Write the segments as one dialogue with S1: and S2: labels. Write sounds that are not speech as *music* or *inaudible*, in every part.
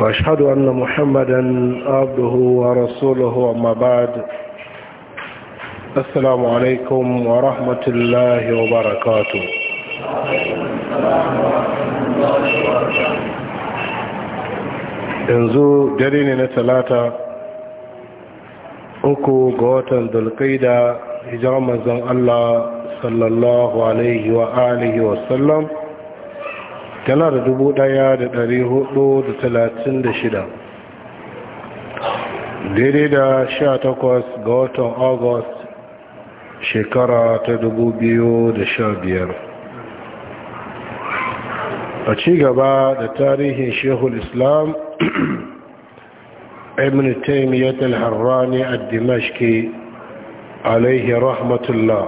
S1: واشهد ان محمدا عبده ورسوله اما بعد السلام عليكم ورحمه الله وبركاته yanzu dare ne na talata uku ga watan dulkaida hijirar manzon Allah sallallahu alaihi wa alihi wasallam tana da dubu ɗaya da ɗari hudu da talatin da shida daidai da sha takwas ga watan august shekara ta dubu biyu da sha biyar a cigaba da tarihin shehul islam *clears throat* ibn taimiyyat al-harrani al-dimashki alaihi rahmatullah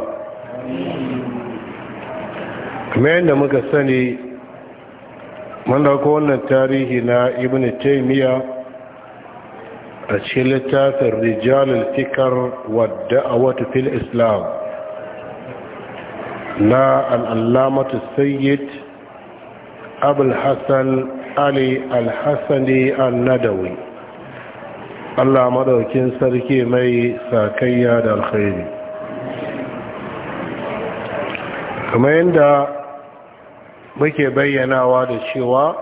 S1: kamar yadda muka sani Wanda ko wannan tarihi na ibn taymiya a cikin littafin rijalul fikar wadda a fil islam na al'allamatu sayyid abul hassan ali al-hassani al allah madaukin sarki mai sakayya da alkhairi kamar yadda muke bayyanawa da cewa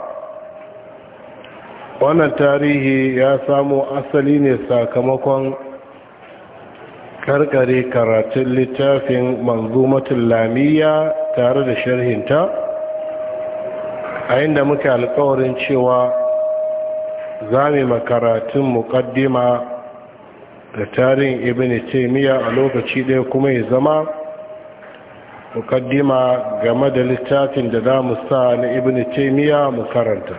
S1: wannan tarihi ya samu asali ne sakamakon karkare karatun littafin manzumatul lamiya tare da sharhinta a inda muke alkawarin cewa za mu makaratun muƙaddima da tarihin ibn taimiyya a lokaci ɗaya kuma ya zama mukaddima game da littafin da za mu sa na ibn taimiyya mu karanta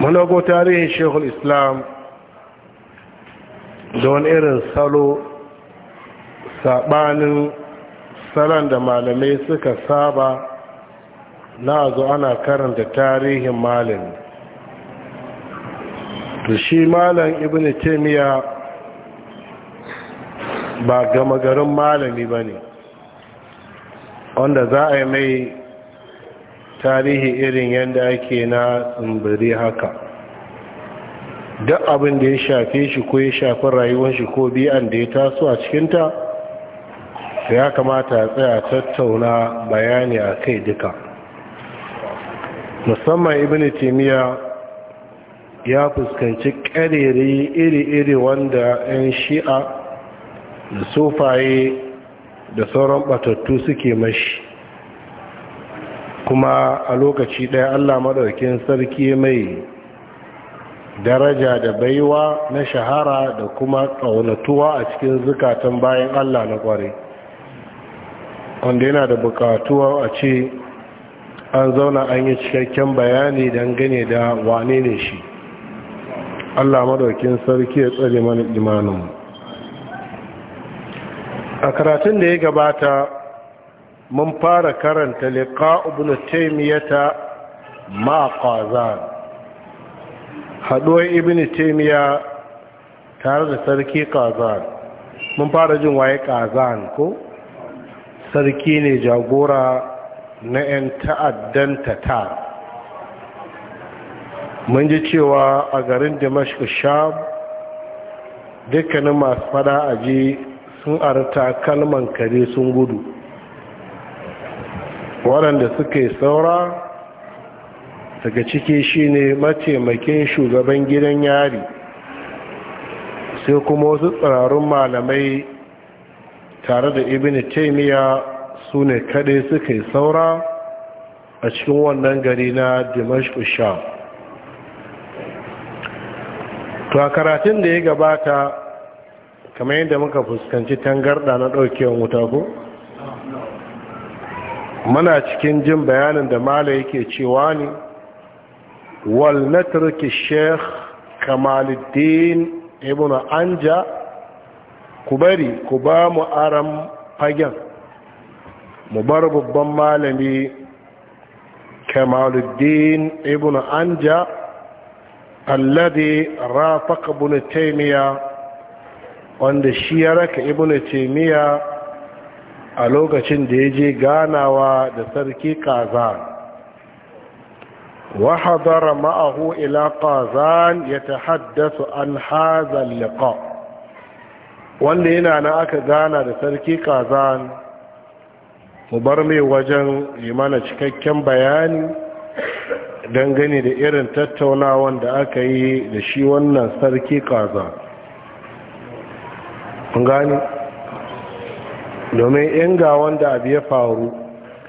S1: manago tarihin shehul islam da wani irin salo saɓanin salon da malamai suka saba na zo ana karanta tarihin malami da shi malam ibn taimiyya ba gama garin malami ba ne wanda za a yi mai tarihi irin yadda ake na tsimbiri haka duk abin da ya shafe shi ko ya shafi rayuwar shi ko biyan da ya taso a cikinta ya kamata a tsaya tattauna bayani a kai duka musamman ibn timiya ya fuskanci karere iri-iri wanda 'yan shi'a da sofaye da sauran batattu suke mashi kuma a lokaci ɗaya allah maɗaukin sarki mai daraja da baiwa na shahara da kuma ƙaunatuwa a cikin zukatan bayan allah na ƙware wanda yana da buƙatuwa a ce an zauna an yi cikakken bayani don gane da wane ne shi allah maɗaukin sarki ya tsare mana mu. a karatun da ya gabata mun fara karanta liƙa ibn taimiyata ma qazan haɗuwar ibn Taimiyya tare da sarki qazan mun fara jin waye qazan ko sarki ne jagora na 'yan ta'addan ta mun ji cewa a garin damashq sham dukkanin masu fada ji. sun arta kalman kare sun gudu waɗanda suka yi saura daga ciki shine mataimakin shugaban gidan yari sai kuma wasu tsirarun malamai tare da ibini taimiyya su ne kaɗai suka yi saura a cikin wannan gari na dimashku sha. to karatun da ya gabata kamar yadda muka fuskanci tangarda na ɗaukewar wuta ko muna cikin jin bayanin da mala yake cewa ne wal natarki sheikh kamaluddin ibn anja ku bari ku ba mu aram fagen mu bar babban malami kamaluddin ibn anja alladi rafaq ibn taymiya wanda shi ya raka Ibn taymiya a lokacin da ya je ganawa da sarki kazan wa hadara ma'ahu ila kazan yatahaddathu an hadha al-liqa wanda yana na aka gana da sarki kazan mu bar mai wajen limana cikakken bayani dangane da irin tattaunawan da aka yi da shi wannan sarki kazan kun gani domin in ga wanda abu ya faru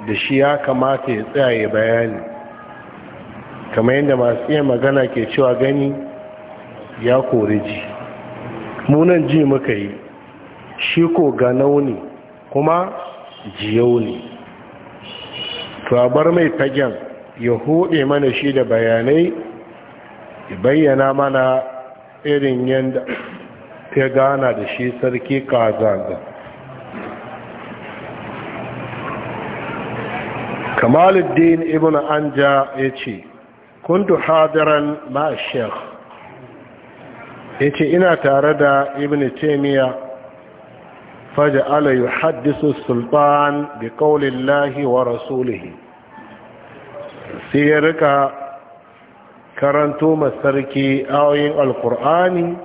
S1: da shi ya kamata ya tsaye bayani kamar yadda masu iya magana ke cewa gani ya kori ji munan ji muka yi shi ko ganau ne kuma jiyau ne tuwabar mai fagen ya huɗe mana shi da bayanai ya bayyana mana irin yadda ta gana da shi sarki kazanda kamaluddin ibn anja ya ce kundu hadiran ma'ashek ya ce ina tare da ibn taimiyya faji alayu haddisa sultan da lahi wa rasulihi sai ya rika karanto masarki ayoyin alkur'ani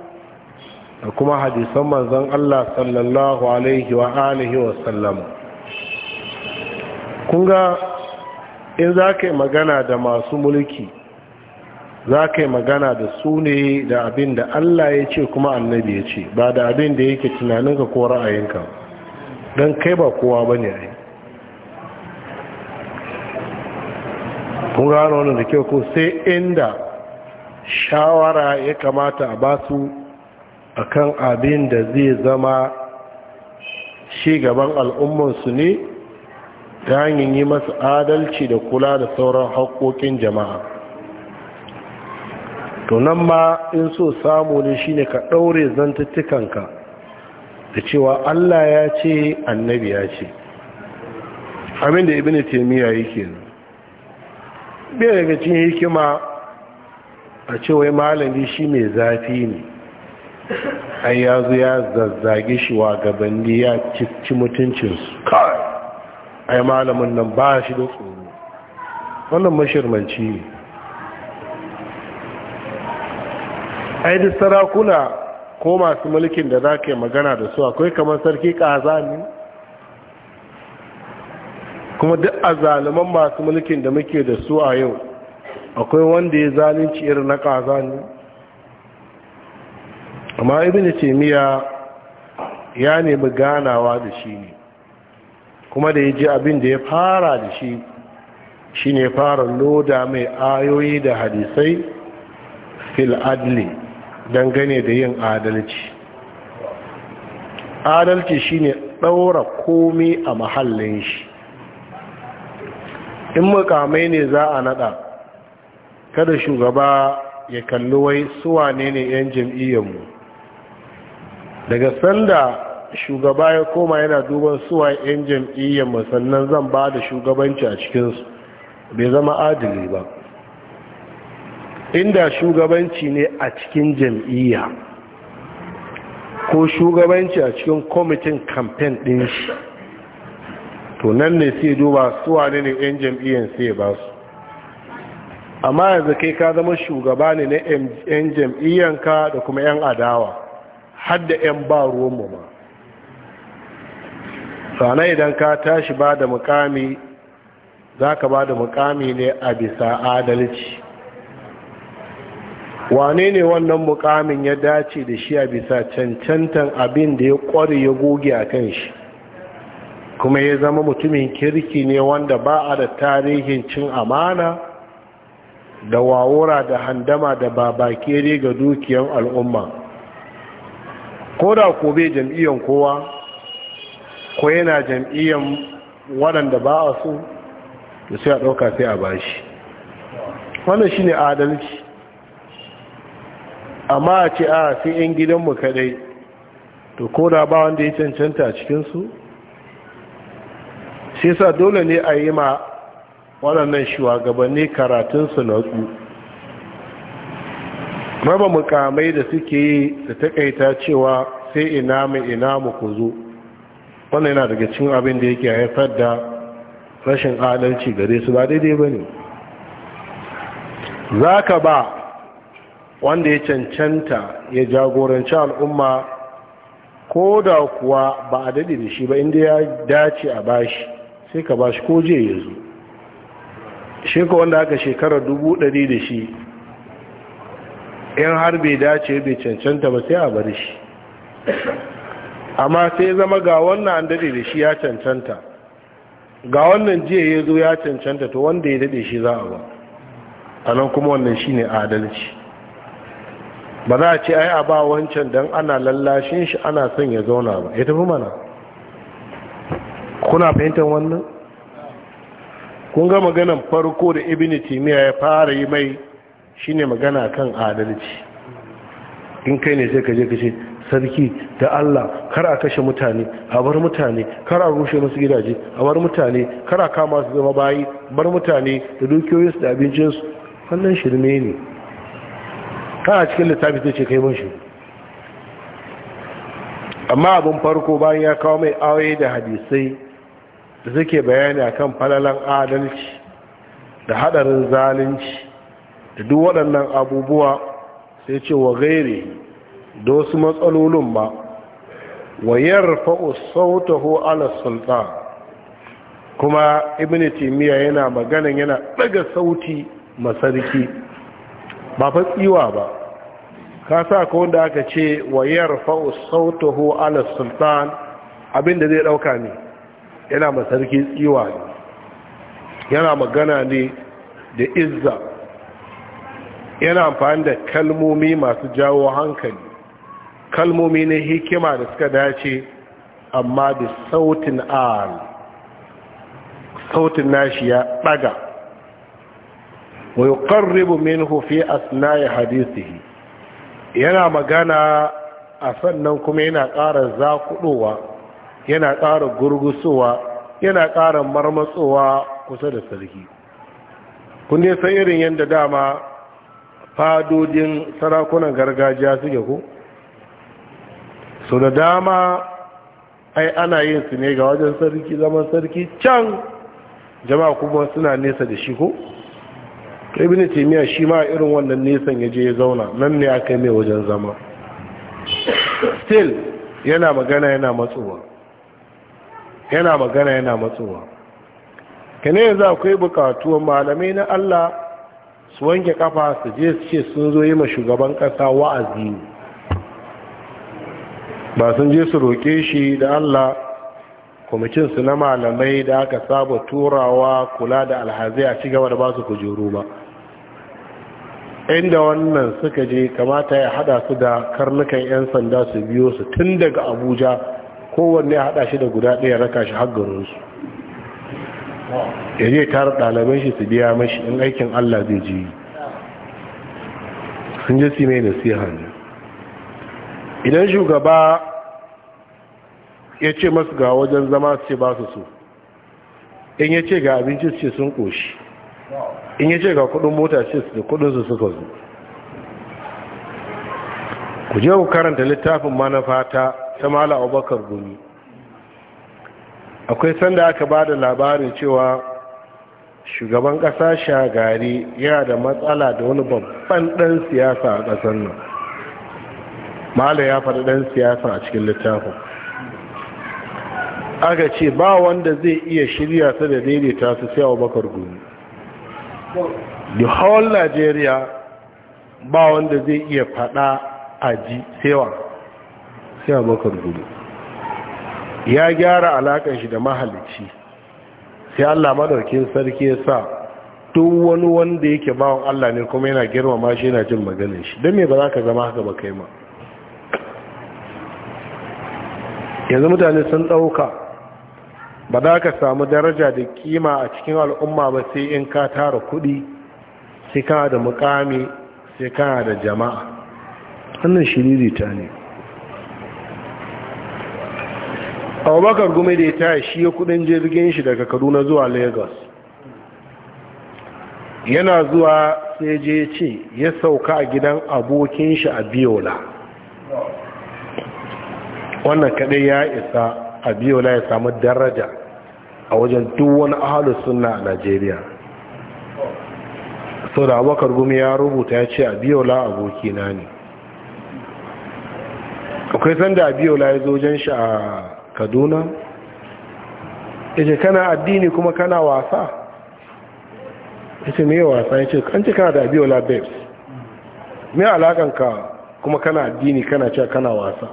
S1: da kuma hadisan manzon Allah sallallahu alaihi wa alihi wa sallam kun ga in za yi magana da masu mulki za yi magana da su ne da abin da Allah ya ce kuma annabi ya ce ba da abin da yake tunaninka ko ra'ayinka don kai ba kowa ba ne a yi kun gano wani da kyau ko sai inda shawara ya kamata a basu akan abin da zai zama shi gaban al'ummansu ne ta hanyar yi masu adalci da kula da sauran haƙoƙin jama'a tunan ma in so samu ne shine ka ɗaure zantattukanka da cewa allah ya ce annabi ya ce abin da ibini taimiyya yake Biya daga cin hikima a cewa malami shi mai zafi ne ai ya zo ya zazzage shi wa gabanni ya ci mutuncinsu kai ai malamin nan ba shi da tsoro wannan mashirmanci ne ai duk sarakuna ko masu mulkin da za ka yi magana da su akwai kamar sarki ƙaza ne kuma duk a zaluman masu mulkin da muke da su a yau akwai wanda ya zalunci irin na ƙaza ne amma ibn taymiya ya nemi ganawa da shi ne kuma da ya ji abin da ya fara da shi shi ne fara loda mai ayoyi da hadisai fil adli dangane da yin adalci adalci shine ɗaura komi a mahallin shi in mukamai ne za a naɗa kada shugaba ya kalli wai suwa ne ne 'yan mu. daga sanda shugaba ya koma yana duban suwa 'yan jam'iyyar masannan zan ba da shugabanci a cikinsu bai zama adili ba inda shugabanci ne a cikin jam'iyya ko shugabanci a cikin kwamitin kamfen ɗin shi to nan ne sai duba suwa ne ne 'yan jam'iyyar sai ba su amma yanzu kai ka zama shugaba ne na 'yan jam'iyyanka da kuma 'yan adawa hadda 'yan ba ruwanmu ma sana idan ka tashi ba da mukami za ka ba da mukami ne a bisa adalci wane ne wannan mukamin ya dace da shi a bisa cancantan abin da ya kware ya goge a kan shi kuma ya zama mutumin kirki ne wanda ba a da tarihin cin amana da wawura da handama da babakere ga dukiyar al'umma ko da ko bai jam'iyyar kowa ko yana jam'iyyar waɗanda ba a so da sai a ɗauka sai a bashi wannan shi ne adalci amma a ce a sai 'yan gidanmu kadai to ko da ba wanda ya cancanta cikinsu sai sa dole ne a yi ma waɗannan shugabanni karatunsu na tsu raba mukamai da suke yi da takaita cewa sai ina mai ina mu ku zo wannan yana daga cin abin da yake haifar da rashin adalci gare su ba daidai ba ne za ka ba wanda ya cancanta ya jagoranci al'umma ko da kuwa ba a daɗe da shi ba inda ya dace a bashi sai ka bashi ko je ya zo shi ka wanda aka shekarar dubu ɗari da shi in har bai dace bai cancanta ba sai a bar shi amma sai zama ga wannan an dade da shi ya cancanta ga wannan jiya ya zo ya cancanta to wanda ya dade shi za a ba a nan kuma wannan shi ne adalci ba za a ce ai a ba wancan don ana lallashin shi ana son ya zauna ba ya tafi mana kuna fahimtar wannan kun ga maganan farko da ibn timiya ya fara yi mai Shi ne magana kan adalci in kai ne sai ka je ka sarki da Allah kar a kashe mutane a bar mutane kar a rushe musu gidaje a bar mutane kar a kama su zama bayi bar mutane da dukiyoyinsu da abincinsu wannan shirme ne kana cikin littafi sai ce kai mun shi amma abin farko bayan ya kawo mai awaye da hadisai da suke bayani akan falalan adalci da hadarin zalunci da duk waɗannan abubuwa sai ce wa gairi da wasu matsalolin ba wa yarfa'u sautahu ala sultan kuma Ibn timiya yana maganan yana daga sauti masarki ba fa tsiwa ba ka sa ka wanda aka ce wa yarfa'u sautahu ala sultan abinda zai dauka ne yana masarki tsiwa ne yana magana ne da izza yana amfani da kalmomi masu jawo hankali kalmomi na hikima da suka dace amma da sautin al sautin nashi ya daga wa yuqarribu minhu fi asna'i hadisihi yana magana a sannan kuma yana ƙara zakuɗowa yana ƙara gurgusowa yana ƙara marmatsowa kusa da sarki kun dai san irin yadda dama fadodin sarakunan gargajiya suke ko so da dama ai ana yin su ne ga wajen sarki zaman sarki can jama'a kuma suna nesa da shi ko ibn taymiya shi ma irin wannan nesan ya je ya zauna nan ne aka mai wajen zama still yana magana yana matsuwa yana magana yana matsuwa kane yanzu akwai bukatuwan malamai na Allah su wanke kafa su je su ce sun zo yi ma shugaban kasa wa'azi ba sun je su roƙe shi da Allah kwamitin su na malamai da aka saba turawa kula da alhazai a cigaba da ba su kujeru ba inda wannan suka je kamata ya hada su da karnukan 'yan sanda su biyo su tun daga abuja kowanne ya hada shi da guda ɗaya raka shi har garinsu ya je tara ɗaliban shi su biya mashi in aikin Allah zai ji sun je su mai nasiha hannu. idan shugaba ya ce masu ga wajen zama su ce ba su so in ya ce ga abinci su ce sun ƙoshi in ya ce ga kudin mota ce su da kudin su suka zo ku je ku karanta littafin manafata ta mala abubakar gumi akwai sanda aka ba da labarin cewa shugaban ƙasa shagari yana da matsala da wani babban ɗan siyasa a ƙasar nan malam ya faɗi ɗan siyasa a cikin littafin aka ce ba wanda zai iya shirya su da daidaita su sai abubakar gumi the whole nigeria ba wanda zai iya faɗa a ji sewa sai abubakar gumi ya gyara alakan shi da mahalicci sai Allah madaukin sarki ya sa duk wani wanda yake bawon Allah ne kuma yana girmama shi yana jin magana shi don me ba za ka zama haka ba kai ma yanzu mutane sun ɗauka ba za ka samu daraja da kima a cikin al'umma ba sai in ka tara kuɗi sai kana da mukami sai kana da jama'a wannan shiriri ta ne abubakar gume da ya taya shi ya kudin jirgin shi daga kaduna zuwa lagos yana zuwa sai je ce ya sauka a gidan abokin shi a biola wannan kadai ya isa a biola ya samu daraja a wajen duk wani ahalus sunna a najeriya sau da abokar gumi ya rubuta ya ce a biyola abokina ne akwai sanda a biyola ya zo shi a kaduna yake kana addini kuma kana wasa yake me wasa yake an ce kana da abiola babes me alakan ka kuma kana addini kana cewa kana wasa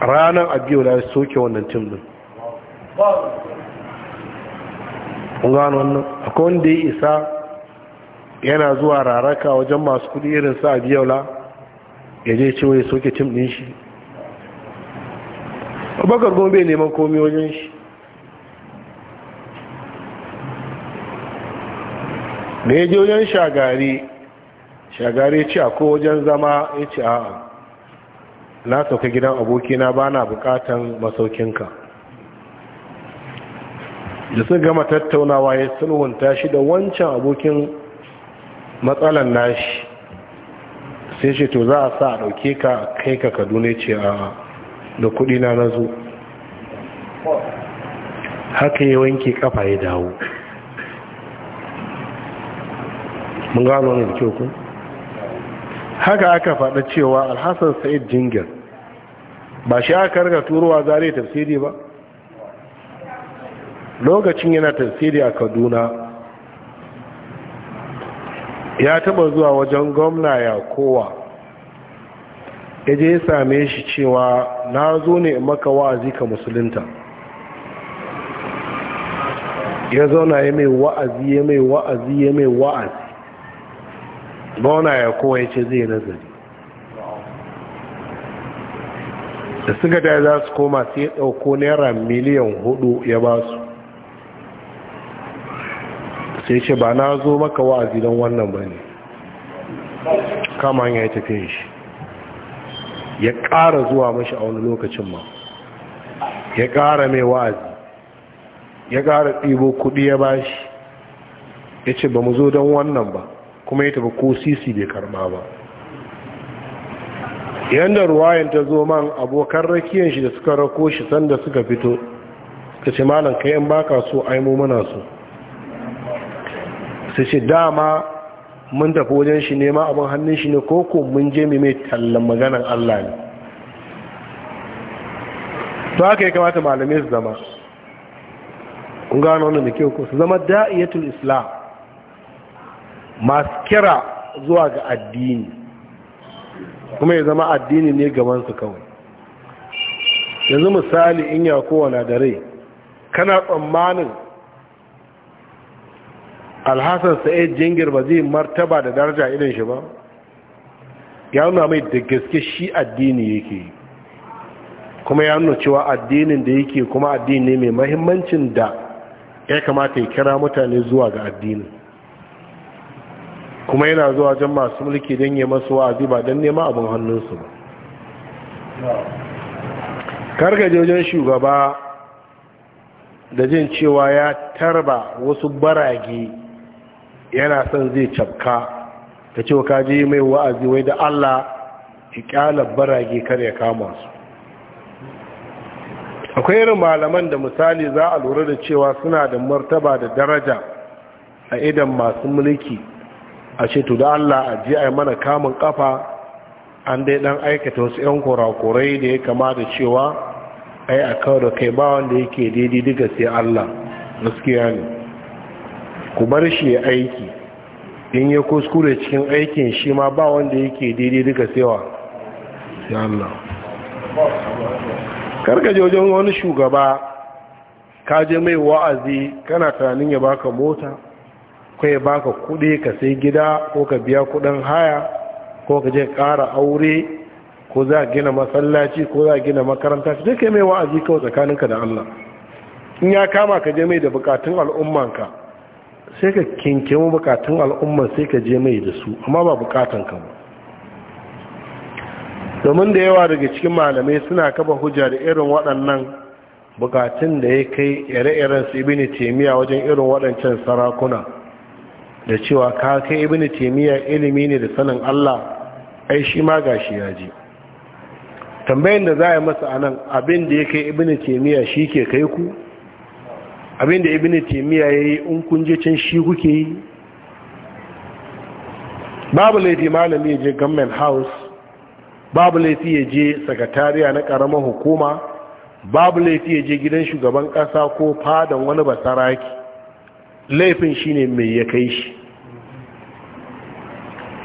S1: ranar abiola ya soke wannan tim din kun gano wannan akwai wanda ya isa yana zuwa raraka wajen masu kudi irin sa abiola ya je cewa ya soke tim din shi abakar kuma bai neman komi wajen shi da je wajen shagari shagari ce a ko wajen zama ya ce a na sauka gidan abokina ba na bukatan masaukinka da sun gama tattaunawa ya sulhunta shi da wancan abokin matsalan nashi sai shi to za a sa a ɗauke ka kai ka kaduna ce a da kudi na nazo haka ya wanke kafa ya dawo mun gano ne da kyau haka aka faɗa cewa alhassan sa'id jingir ba shi aka riga turowa zare tafsiri ba lokacin yana tafsiri a kaduna ya taba zuwa wajen gwamna ya kowa ya je ya same shi cewa na zo ne maka wa'azi ka musulunta ya zauna ya mai wa'azi ya mai wa'azi ya mai wa'azi bauna ya kowa ya ce zai nazari da suka da za su koma sai ya ɗauko naira miliyan hudu ya ba su sai ce ba na zo maka wa'azi don wannan ba ne kama ya tafiye shi ya ƙara zuwa mashi a wani lokacin ma ya ƙara mai wa'azi ya ƙara ɗibo kuɗi ya bashi ya ce ba mu zo don wannan ba kuma ya tafi ko sisi bai karɓa ba yadda ruwayan ta zo man abokan rakiyar shi da suka rako shi sanda suka fito suka ce malam kayan baka so aimo mana so su ce dama mun tafi wajen shi nema abin hannun shi ne koko mun je mai mai tallan maganan Allah ne to haka ya kamata malamai su zama kun gano wannan da kyau su zama da'iyatul islam masu kira zuwa ga addini kuma ya zama addini ne su kawai yanzu misali in ya kowane dare rai kana tsammanin alhassan sa'id jingir ba zai martaba da daraja irin shi ba ya nuna mai da gaske shi addini yake kuma ya nuna cewa addinin da yake kuma addini ne mai mahimmancin da ya kamata ya kira mutane zuwa ga addini, kuma yana zuwa jan masu mulki don yi masu wa'azi ba don nema abin hannunsu ba kargaje wajen shugaba da jin cewa ya tarba wasu barage yana son zai cafka ta ce ka je mai wa'azi wai da Allah ya kyala barage kar ya kama su akwai irin malaman da misali za a lura da cewa suna da martaba da daraja a idan masu mulki a ce to da Allah a ji a mana kamun kafa an dai dan aikata wasu yan kurakurai da ya kama da cewa ai a kawo da kai ba wanda yake daidai daga sai Allah gaskiya ne ku bar shi ya aiki in ya kuskure cikin aikin shi ma ba wanda yake daidai duka sewa ya Allah karkaje wajen wani shugaba ka je mai wa'azi kana tunanin ya baka mota ko baka kuɗi ka sai gida ko ka biya kuɗin haya ko ka je ƙara aure ko za gina masallaci ko za gina makaranta sai kai mai wa'azi kawai tsakaninka da Allah in ya kama ka je mai da bukatun al'ummanka sai ka kinkemu bukatun al'umma sai ka je mai da su amma ba bukatan ka ba domin da yawa daga cikin malamai suna kaba hujja da irin waɗannan bukatun da ya kai ire-iren su ibini temiya wajen irin waɗancan sarakuna da cewa ka kai ibini temiya ilimi ne da sanin allah ai shi ma gashi ya ji tambayin da za a yi masa anan abin da ya kai ibini temiya shi ke kai ku abinda ibn taymiya yayi in kunje can shi kuke yi babu laifi malami ya je government house babu laifi ya je sakatariya na karamar hukuma babu laifi ya je gidan shugaban kasa ko fadan wani basaraki laifin shine mai ya kai shi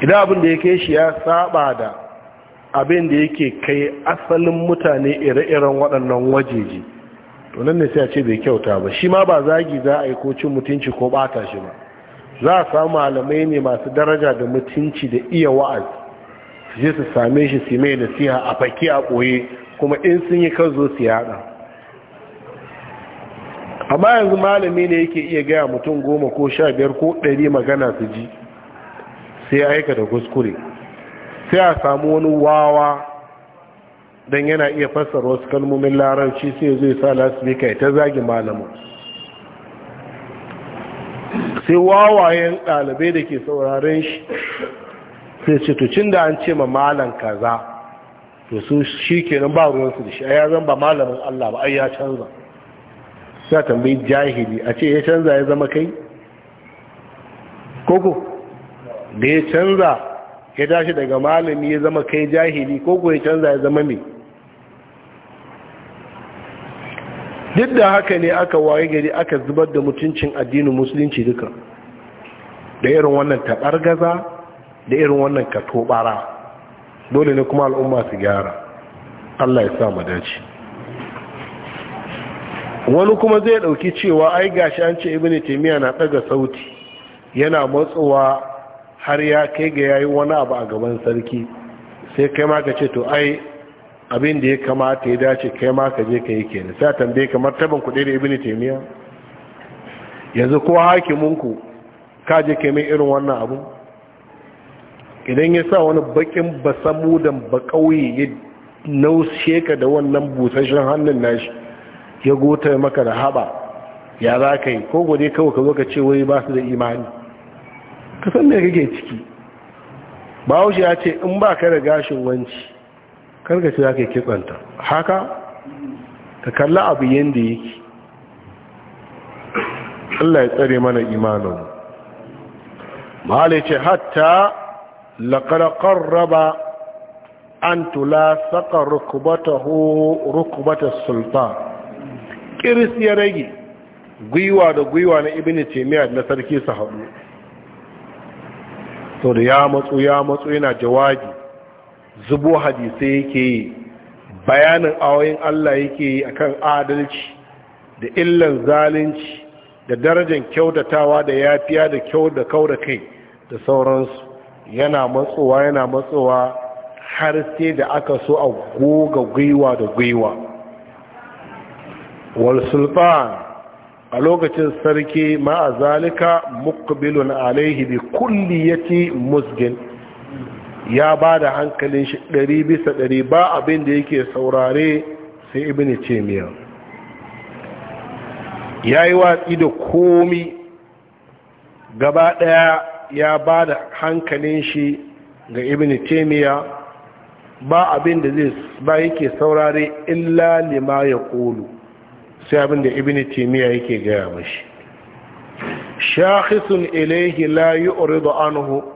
S1: idan abinda ya kai shi ya saba da abin da yake kai asalin mutane ire-iren waɗannan wajeji to nan ne sai a ce bai kyauta ba shi ma ba zagi za a yi ko cin mutunci ko bata shi ba za a samu malamai ne masu daraja da mutunci da iya wa'az su je su same shi su mai siya a faki a ɓoye kuma in sun yi kan zo su yada amma yanzu malami ne yake iya gaya mutum goma ko sha biyar ko ɗari magana su ji sai aika da kuskure sai a samu wani wawa don yana iya fassara wasu kalmomin larabci sai zai sa ya ta zagi malamin sai wawayen ɗalibai da ke sauraren shi sai citocin da an ce ma malam kaza to su shi kenan ba ruwansu da shi a yazan ba malamin Allah ba ai ya canza sa tambayi jahili a ce ya canza ya zama kai koko da ya canza ya tashi daga malami ya zama kai jahili koko ya canza ya zama mai duk da haka ne aka waye gari aka zubar da mutuncin addinin musulunci duka da irin wannan taɓargaza da irin wannan katobara dole ne kuma al'umma su gyara Allah ya sa mu dace wani kuma zai ɗauki cewa ai gashi an ce ibnu taymiya na daga sauti yana matsowa har ya kai ga yayi wani abu a gaban sarki sai kai ma ka ce to ai abin da ya kamata ya dace kai ma ka je ka yi kenan sai tambaye kamar tabin kuɗi da ibini taymiya yanzu ko hakiminku ka je kai mai irin wannan abu idan ya sa wani bakin da bakauye ya naushe ka da wannan busasshen hannun nashi ya gota maka da haba ya za ka yi ko gode kawai ka zo ka ce wai ba su da imani ka san me kake ciki bahaushe ya ce in ba ka da gashin wanci Kar za ka yi kitsanta haka ka kalla abu yadda yake Allah ya tsare mana imanin malice hatta laƙarƙar raba an tula saka rukubata sulta ƙiris ya rage gwiwa da gwiwa na ibini cemiyar na sarki su haɗu so da ya matsu ya matsu yana jawabi zubo hadisai yake yi bayanin awoyin Allah yake yi akan adalci da illan zalunci da darajar kyautatawa da yafiya da kyau da kau da kai da sauransu yana matsowa yana matsowa har sai da aka so a goga gwiwa da gwiwa wal sultan a lokacin sarki ma'azalika muqbilun alaihi bi kulliyati musgin ya ba da hankalin shi ɗari bisa ɗari ba abin da yake saurare sai ibn cemiyar ya yi watsi da komi gabaɗaya ya ba da hankalin shi ga ibn cemiyar ba abin da zai ba yake saurare illa lima ya ƙolu sai abin da ibn cemiyar yake gaya mashi shakisun ilaihi la yi anhu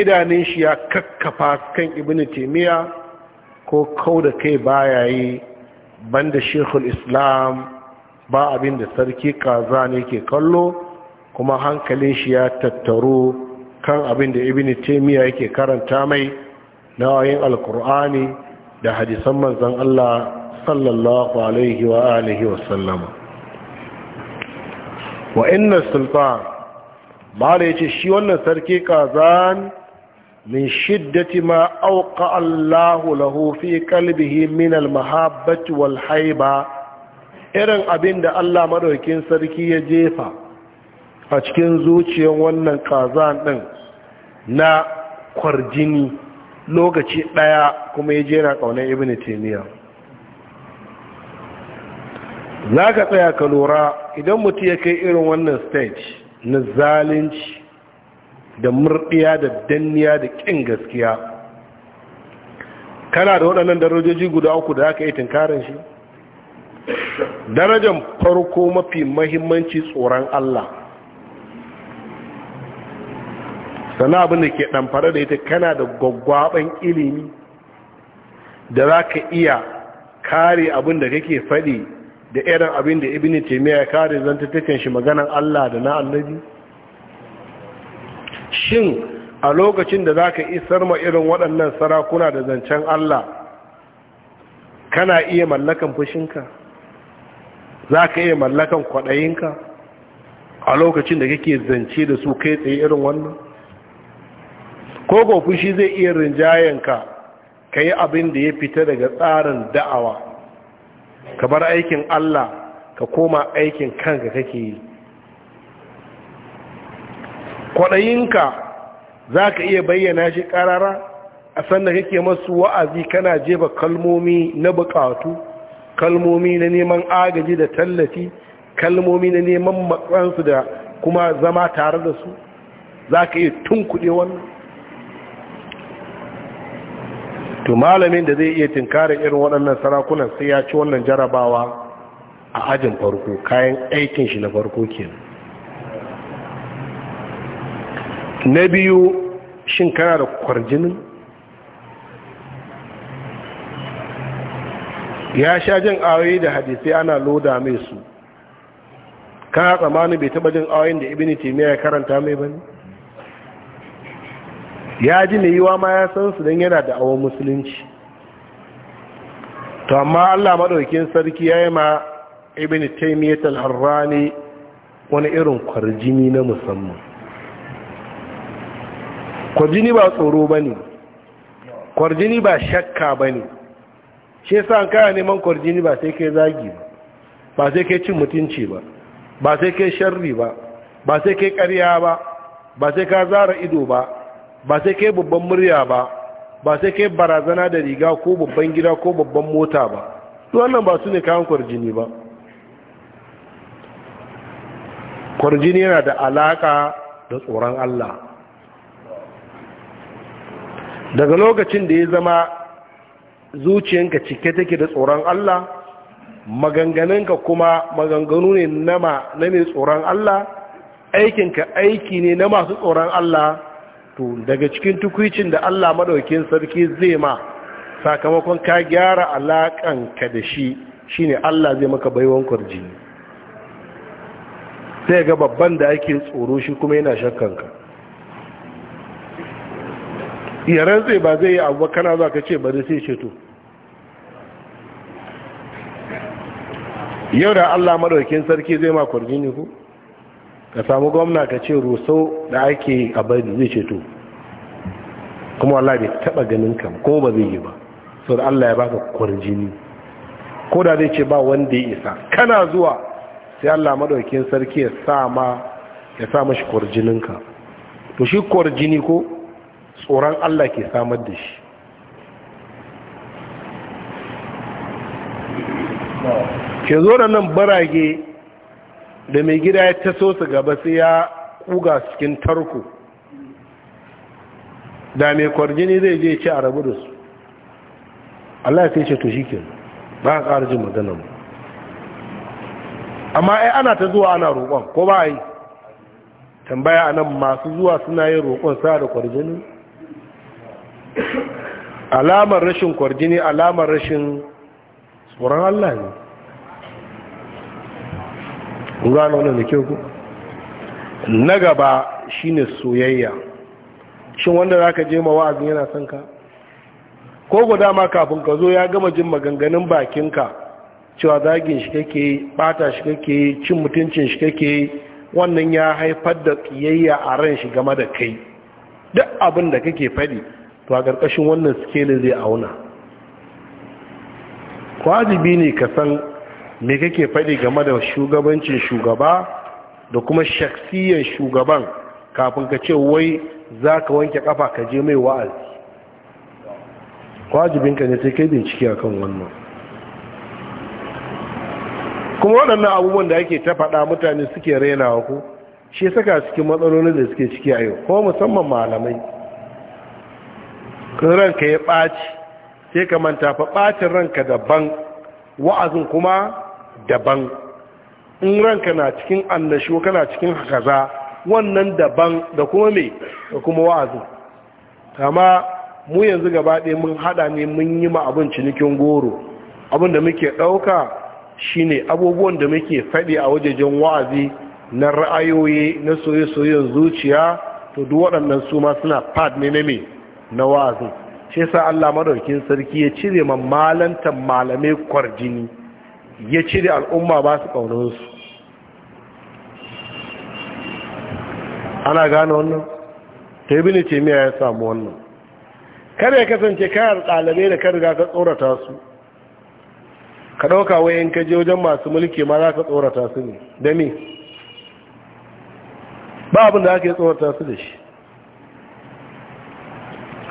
S1: idanun shi ya kakkafa kan ibn taimiyya ko kau da kai baya yi banda shekul islam ba abin da sarki kaza ne ke kallo kuma hankalin shi ya tattaro kan abin da ibn yake karanta mai na wayin alkur'ani da hadisan manzan allah sallallahu alaihi wa alihi wa sallama wa inna sultan yace shi wannan sarki kazan min shiddati ma auka Allahu lahu fi qalbihi min al wal haiba irin abin da Allah madaukin sarki ya jefa a cikin zuciyar wannan kazan ɗin na kwarjini lokaci ɗaya kuma ya jera kaunar ibnu taymiya zaka tsaya ka lura idan mutum ya kai irin wannan stage na zalunci da murdiya da danniya da kin gaskiya kana da waɗannan darajoji guda uku da aka yi tunkarin shi darajar farko mafi mahimmanci tsoron Allah sana abin da ke fara da ita kana da gwaggwaban ilimi da za ka iya kare abin da kake faɗi da irin abin da ibini taimiyya kare zantattukan shi maganan Allah da na annabi shin a lokacin da za ka isar ma irin waɗannan sarakuna da zancen Allah kana iya mallakan fushinka za ka iya mallakan kwaɗayinka a lokacin da kake zance da su kai tsaye irin wannan ko fushi zai iya rinjayenka ka yi abin da ya fita daga tsarin da'awa ka bar aikin Allah ka koma aikin kanka kake yi kwaɗayinka za ka iya bayyana shi karara a sannan kake masu wa'azi kana jefa kalmomi na buƙatu kalmomi na neman agaji da tallafi kalmomi na neman matsansu da kuma zama tare da su za ka iya tunkuɗe wannan to malamin da zai iya tinkara irin waɗannan sarakunan sai ya ci wannan jarabawa a ajin farko kayan aikin shi na farko kenan na biyu shin kana da kwarjinin ya sha jin ayoyi da hadisai ana loda mai su kana tsammanin bai taba jin ayoyin da ibini taimiyya ya karanta mai bane ya ji mai yiwa ma ya san su don yana da awon musulunci to amma allah maɗaukin sarki ya yi ma ibini talharra ne wani irin kwarjini na musamman kwarjini ba tsoro ba ne kwarjini ba shakka ba ne shi sa kaya neman kwarjini ba sai kai zagi ba ba sai kai cin mutunci ba ba sai kai sharri ba ba sai kai karya ba ba sai ka zara ido ba ba sai kai babban murya ba ba sai kai barazana da riga ko babban gida ko babban mota ba wannan ba su ne kayan kwarjini ba kwarjini yana da alaƙa da tsoron Allah daga lokacin da ya zama zuciyanka cike take da tsoron Allah maganganunka kuma maganganu ne na mai tsoron Allah aikinka aiki ne na masu tsoron Allah to daga cikin tukwicin da Allah madaukin sarki zai ma sakamakon ka gyara alaƙanka da shi shi ne Allah zai maka baiwan kwarji sai ga babban da ake tsoro shi kuma yana shakkanka ya rantse ba zai yi abu kana za ka ce ba zai sai ceto yau da allah maɗaukin sarki zai ma kwarjini ku ka samu gwamna ka ce roso da ake a bari zai ceto kuma wala bai taɓa ganin kam ko ba zai yi ba sau da allah ya baka kwarjini ko da zai ce ba wanda ya isa kana zuwa sai allah maɗaukin sarki ya sa ma ya sa mashi kwarjininka to shi kwarjini ko tsoron Allah ke samar da shi ke zo da nan barage da mai gida ya taso su gaba sai ya kuga cikin tarko da mai kwarjini zai je ci a rabu da su Allah sai ce to shi ke ba a ƙara jin maganan amma ai ana ta zuwa ana roƙon ko ba yi tambaya anan masu zuwa suna yin roƙon sa da kwarjini alamar rashin kwarjini alamar rashin tsoron Allah ne gano wani da kyau ku na gaba shi ne soyayya shin wanda za ka je ma wa'azin yana son ka ko guda ma kafin ka zo ya gama jin maganganun bakinka cewa zagin shi kake bata shi kake cin mutuncin shi kake wannan ya haifar da kiyayya a ran shi game da kai duk abin da kake fadi to a ƙarƙashin wannan skele zai auna wajibi ne ka san me kake faɗi game da shugabancin shugaba da kuma shaksiyan shugaban kafin ka ce wai za ka wanke ƙafa ka je mai wa'azi wajibinka ne sai kai bincike akan wannan kuma waɗannan abubuwan da ake ta faɗa mutane suke rainawa ku shi saka cikin matsalolin da suke ciki a yau ko musamman malamai ranka ya ɓaci sai ka manta fa ɓacin ranka daban wa'azin kuma daban in ranka na cikin annashu kana cikin kaza wannan daban da kuma me da kuma wa'azin kama mu yanzu gaba ɗaya mun haɗa ne mun yi ma abin cinikin goro abin da muke ɗauka shine abubuwan da muke faɗi a wajejen wa'azi na ra'ayoyi na soye-soyen zuciya to duk waɗannan su ma suna fad ne na me na wa'azin shi sa Allah madaukin sarki ya cire ma malantan malamai kwarjini ya cire al'umma ba su su ana gane wannan ta yi bini ce miya ya samu wannan kada ya kasance kayar ɗalibai da ka ga ka tsorata su ka ɗauka wayan kaji wajen masu mulki ma za ka tsorata su ne da me ba abin da ake tsorata su da shi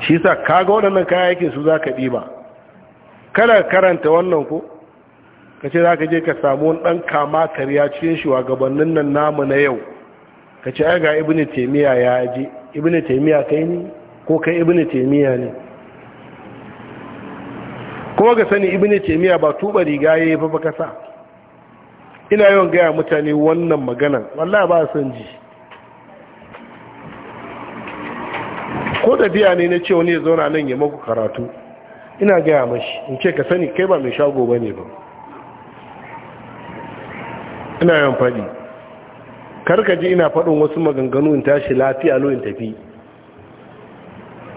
S1: shi sa kaga waɗannan kayayyakin su za ka ɗiba kada karanta wannan ku. ka ce za ka je ka samu wani ɗan kama karya cikin gabanin nan namu na yau ka ce ai ga ibini taimiyya ya je ibini taimiyya kai ne ko kai ibini taimiyya ne kuma ga sani ibini taimiyya ba tuba riga ya yi fafa kasa ina yawan gaya mutane wannan maganan wallah ba san ji ko da biya ne na ce wani ya zauna nan ya maku karatu ina gaya mashi in ce ka sani kai ba mai shago ba ne ba ina yawan faɗi karkaji ina faɗin wasu maganganu in tashi lafiya lo in tafi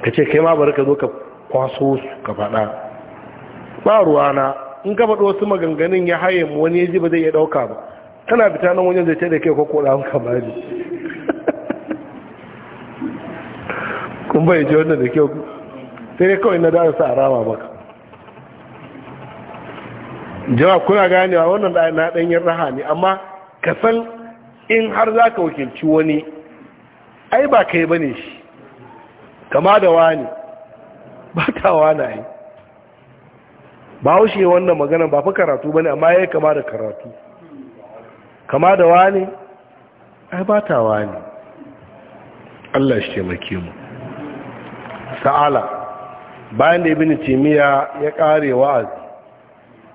S1: ka ce kai ma bari ka zo ka kwaso su ka faɗa ba ruwana in ka faɗi wasu maganganun ya haye mu wani ya ji ba zai iya ɗauka ba Kana fita nan wajen zai ce da kai ko koɗa an kamari kun bai ji wannan da kyau sai dai kawai na dawo sa rama baka. jama'a kuna ganewa wannan da na danyen raha ne amma ka san in har za ka wakilci wani ai ba kai ba ne shi kama da wani ba ta wani ai ba haushe wannan magana ba fi karatu ba ne amma ya kama da karatu kama da wani ai ba ta wani Allah shi ke mu ta'ala bayan da ibn timiya ya kare wa'azi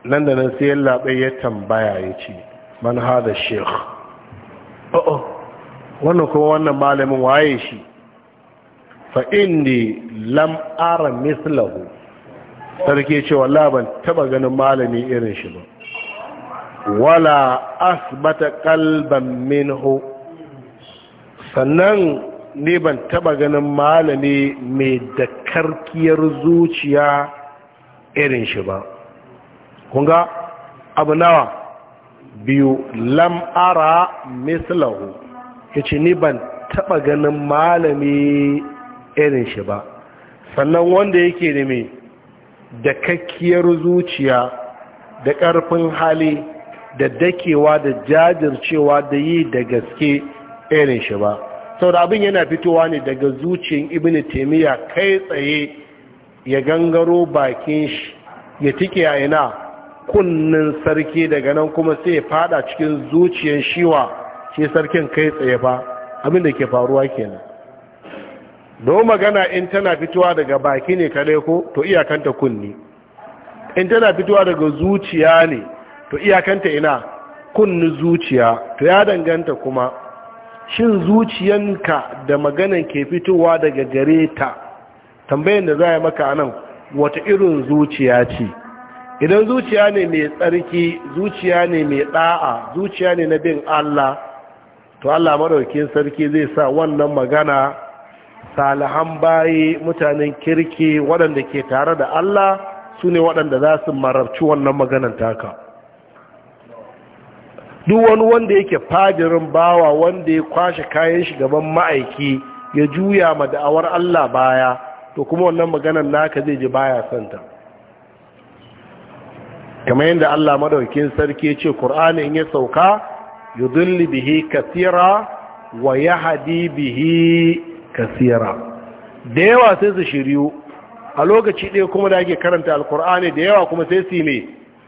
S1: nan da nan sai ya labe ya tambaya ya ce man hada sheikh o'o oh, oh, wannan kuma wannan malamin waye shi fa inni lam ara mislahu sarki ce wallahi ban taba ganin malami irin shi ba wala asbata qalban minhu sannan ne ban taba ganin malami mai da karkiyar zuciya irin shi ba kunga abu nawa biyu lam'ara mislahu ya ce ni ban taba ganin malami irin shi ba sannan wanda yake ne mai da kakkiyar zuciya da ƙarfin hali da dakewa da jajircewa da yi da gaske irin shi ba saboda abin yana fitowa ne daga zuciyar ibini taimiyya kai tsaye ya gangaro bakin shi ya tike a ina kunnin sarki daga nan kuma sai ya fada cikin zuciyar shiwa shi sarkin kai tsaye ba abin da ke faruwa kenan don magana in tana fitowa daga baki ne kadai ko to iyakanta kunni in tana fitowa daga zuciya ne to iyakanta ina kunni zuciya to ya danganta kuma shin zuciyanka da maganan ke fitowa daga gare ta tambayin da za a yi maka nan, wata irin zuciya ce idan zuciya ne mai tsarki zuciya ne mai ɗa'a zuciya ne na bin Allah to Allah maraukin sarki zai sa wannan magana salihan bayi mutanen kirki waɗanda ke tare da Allah su ne waɗanda za su mararci wannan maganan taka duk wani wanda yake fajirin bawa wanda ya kwashe kayan shi gaban ma'aiki ya juya ma da'awar Allah baya to kuma wannan maganar naka zai ji baya santa kamar yadda Allah madaukakin sarki ya ce Qur'ani in ya sauka yudhillu bihi kathira wa yahdi bihi kathira da yawa sai su shiryu a lokaci ɗaya kuma da ake karanta alkur'ani da yawa kuma sai su yi ne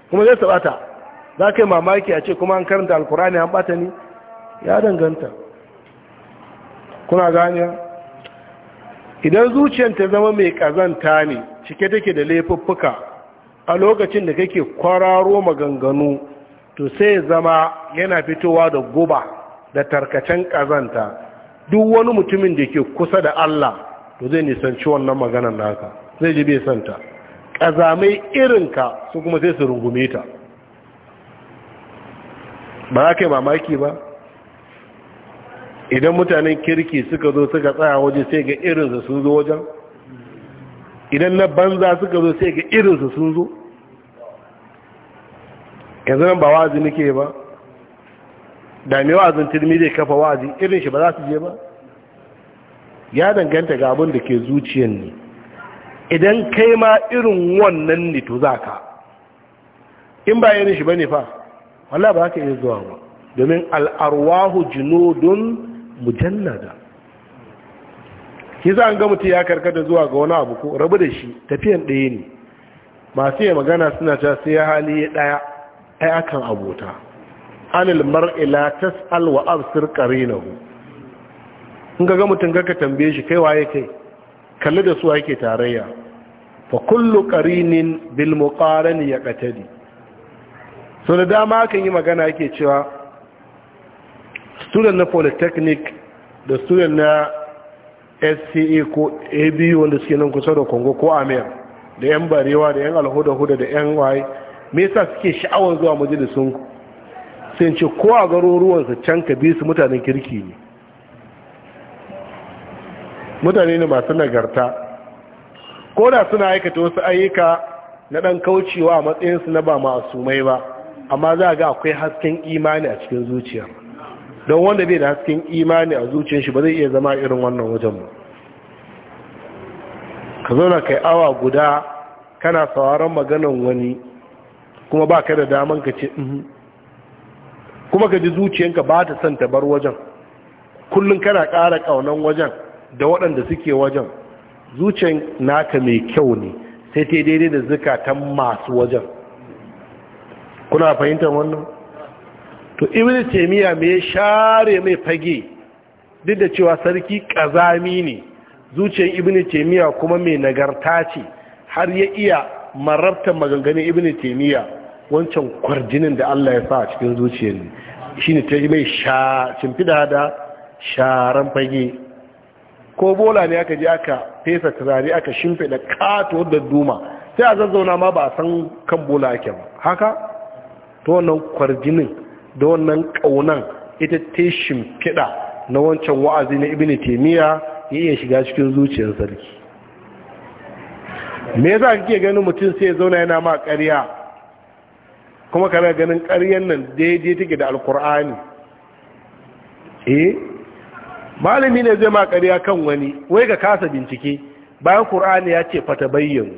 S1: kuma sai su bata za ka yi mamaki a ce kuma an karanta alkurani an bata ne ya danganta kuna ganiya idan zuciyar ta zama mai kazanta ne cike take da laifuffuka a lokacin da kake kwararo maganganu to sai zama yana fitowa da guba da tarkacen kazanta duk wani mutumin da ke kusa da Allah to zai nisanci wannan maganar naka zai ji bai santa kazamai irinka su kuma sai su rungume ta ba za ka yi mamaki ba idan mutanen kirki suka zo suka tsaya waje sai ga irinsa sun zo wajen idan na banza suka zo sai ga irinsa sun zo yanzu nan ba wazi nake ba da wazin turmi zai kafa wazi irin shi ba za su je ba ya danganta ga abin da ke zuciyan ne idan kai ma irin wannan ne to za ka in ba irin shi ba ne fa Allah ba ka iya zuwa ba domin al'arwahu junudun mujannada kisa an ga mutum ya karkata zuwa ga wani abu ko rabu da shi tafiyan ɗaya ne masu yi magana suna ta sai hali ya ɗaya ai akan abota anil mar'ila tas wa absir hu in ga ga mutum ka tambaye shi kai waye kai kalli da su yake tarayya fa kullu qarinin bil ya yaqtadi so da dama kan yi magana yake cewa student na polytechnic da student na sca e ko abu wanda suke nan kusa da kongo ko amir da yan barewa da yan alhuda-huda da yan waye me suke sha'awar zuwa majalisun ku ce ko a garuruwansa can ka bi su mutanen kirki ne mutane ne masu nagarta ko da suna aikata wasu ayyuka na ɗan kaucewa a matsayinsu na ba masu mai ba amma za ga akwai hasken imani a cikin zuciyar don wanda bai da hasken imani a zuciyar shi ba zai iya zama irin wannan wajen ba ka zauna kai awa guda kana sauraron maganan wani kuma ba ka da daman ka ce mhm. kuma ka ji zuciyanka ba ta son ta bar wajen kullum kana kara ƙaunan wajen da waɗanda suke wajen zuciyar naka mai kyau ne sai ta daidai da zukatan masu wajen kuna fahimtar wannan to ibn taymiya me ya share mai fage duk da cewa sarki kazami ne zuciyar ibn taymiya kuma mai nagarta ce har ya iya marabtar maganganun ibn taymiya wancan kwarjinin da Allah ya sa a cikin zuciyar shine ta yi mai shimfida da sharan fage ko bola ne aka je aka fesa turare aka shimfida katuwar da duma sai a zazzauna ma ba a san kan bola ake ba haka da wannan kwarjinin da wannan ƙaunan ita ta shimfiɗa na wancan wa'azi na ibini temiya ya iya shiga cikin zuciyar sarki me za a kake ganin mutum sai zauna yana ma ƙarya kuma kana ganin ƙaryen nan daidai take da alkur'ani eh malami ne zai ma ƙarya kan wani wai ga kasa bincike bayan kur'ani ya ce fata bayyana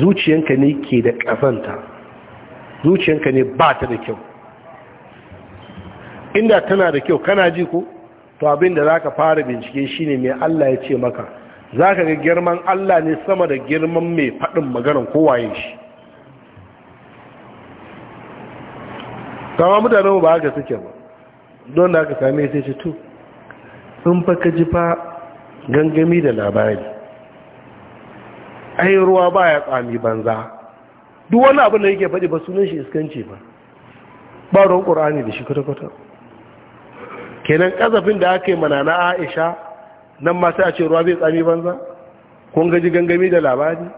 S1: zuciyanka ne ke da kazanta zuciyanka ne ba ta da kyau inda tana da kyau kana ji ko to abin da za ka fara bincike shine mai Allah ya ce maka za ka ga girman Allah ne sama da girman mai faɗin maganan kowaye shi kama mutanenmu ba haka suke ba don da aka same sai ce tu sun fa ka fa gangami da labari ai ruwa baya tsami banza duk wani abin da yake faɗi ba sunan shi iskanci ba ba ruwan ƙorani da shi kwata-kwata kenan ƙazafin da aka yi mana na aisha nan ma sai a ce ruwa bai tsami banza kun gaji gangami da labari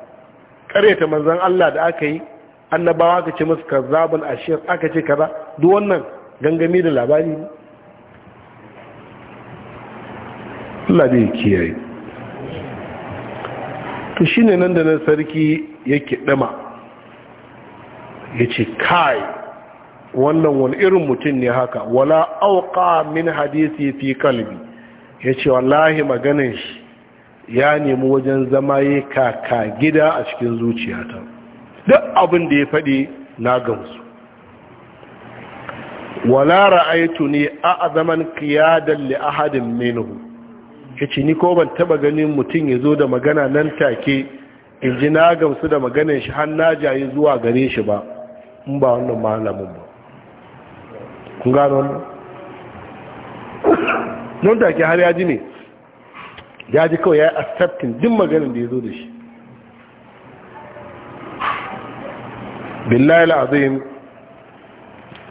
S1: ƙaryata manzan allah da aka yi annabawa aka ce musu kazzabul ashir aka ce kaza duk wannan gangami da labari ne Allah bai kiyaye to shi ne nan da nan sarki yake ɗama ya ce kai wannan wani irin mutum ne haka wala auka min hadisi fi kalbi ya ce wallahi maganin shi ya nemi wajen zama ya kaka gida a cikin zuciyata duk abin da ya faɗi na gamsu wala ra'aitu ne a zaman kiyadar li ahadin minhu ya ce ni ko ban taba ganin mutum ya zo da magana nan take in ji na gamsu da maganin shi har na jaye zuwa gare shi ba in ba wannan malamin ba kun gano wannan nan take har ya ji ne ya ji kawai ya yi accepting din maganin da ya zo da shi billahi al'azim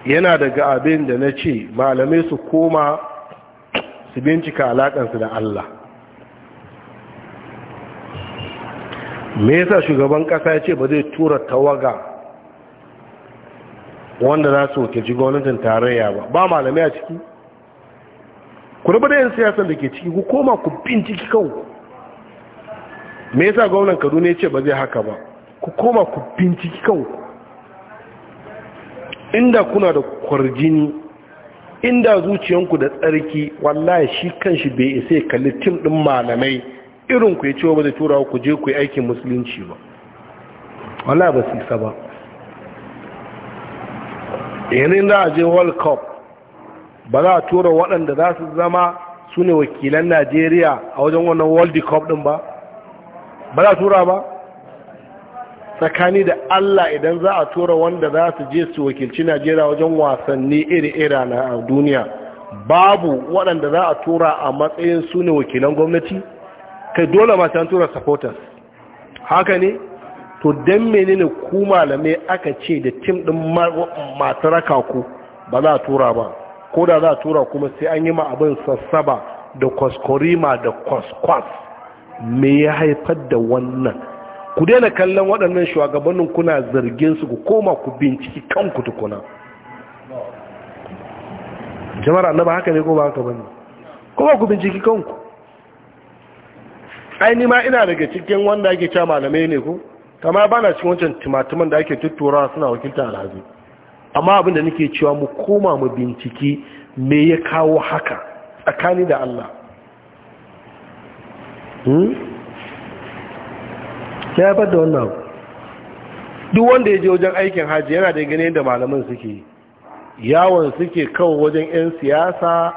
S1: yana daga abin da na ce malamai su koma su bincika alaƙansu da Allah me yasa shugaban ƙasa ya ce ba zai tura tawaga wanda za su wakilci gwamnatin tarayya ba ba malamai a ciki ku da yin siyasan da ke ciki ku koma ku binciki kanku me yasa gwamnan kaduna ya ce ba zai haka ba ku koma ku binciki kanku inda kuna da kwarjini inda zuciyanku da tsarki wallahi shi kanshi bai isa ya kalli tim din malamai irin ku ya ce wa zai tura ku je ku yi aikin musulunci ba wallahi ba su isa ba yanzu za a je world cup ba za a tura waɗanda za su zama su ne wakilan najeriya a wajen wannan world cup din ba ba za a tura ba tsakani da Allah idan za a tura wanda za su je su wakilci Najeriya wajen wasanni iri-iri na duniya babu waɗanda za a tura a matsayin su ne wakilan gwamnati kai dole ma an tura supporters haka ne to don menene ku malamai aka ce da tim ɗin masu raka ku ba za a tura ba ko da za a tura kuma sai an yi ma abin sassaba da kwaskorima da kwaskwas me ya haifar da wannan ku daina kallon waɗannan shugabannin kuna zargin su ku koma ku binciki kanku tukuna jama'ar annaba haka ne ko ba haka bane ba ku binciki kanku aini ma ina daga cikin wanda ake cewa malamai ne ko kama ba na cikin wancan timatiman da ake tuttura suna wakilta alhazi amma abin da nake cewa mu koma mu binciki me ya kawo haka tsakani da Allah hmm? ya haifar da wannan duk wanda ya je wajen aikin hajji yana da gani da malaman suke yawon suke kawo wajen 'yan siyasa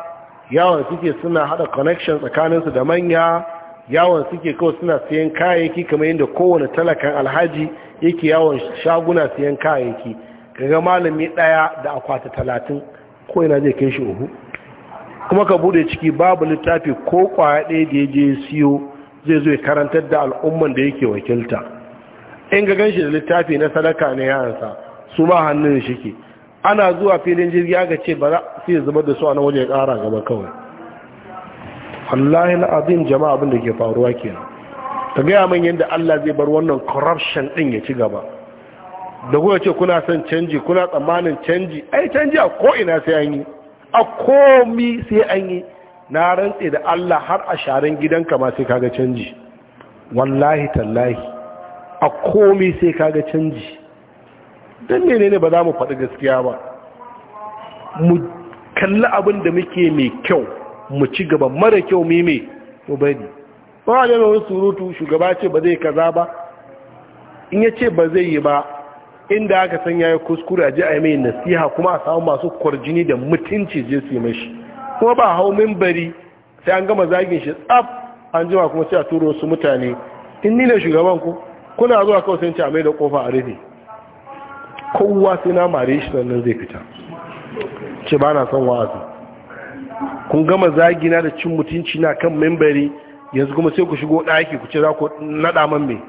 S1: yawon suke suna hada connection tsakaninsu da manya yawon suke kawo suna siyan kayayyaki kamar yadda kowane talakan alhaji yake yawon shaguna siyan kayayyaki kaga malami daya da akwata talatin ko yana zai kai shi uku kuma ka bude ciki babu littafi ko kwaya ɗaya da ya je siyo zai zo ya karantar da al'umman da yake wakilta in ga ganshi da littafi na sadaka ne yaransa su ma hannun shi ke ana zuwa filin jirgi aka ce ba za su ya zubar da su a na waje ya kara gaba kawai wallahi al'azim jama'a abin da ke faruwa kenan ta gaya min yadda Allah zai bar wannan corruption din ya ci gaba da kuma ce kuna son canji kuna tsammanin canji ai canji a ko'ina sai an yi a komi sai an yi na rantse da Allah har a sharan gidanka ma sai kaga canji wallahi tallahi a komai sai kaga canji Dan menene ba za mu faɗi gaskiya ba mu kalli abin da muke mai kyau mu ci gaba mara kyau mai mai mu bari ba da wani surutu shugaba ce ba zai kaza ba in ya ce ba zai yi ba inda aka sanya ya yi kuskure a ji a yi mai nasiha kuma a samu masu kwarjini da mutunci je su yi mashi kuma ba hau mimbari sai an gama zagin shi tsaf an jima kuma sai a turo su mutane in ni ne shugaban ku kuna zuwa kawai sun ci da kofa a rufe kowa sai na mare shi sannan zai fita ce ba na son wa'azi kun gama zagina da cin mutunci na kan mimbari yanzu kuma sai ku shigo ɗaki ku ce za ku naɗa man mai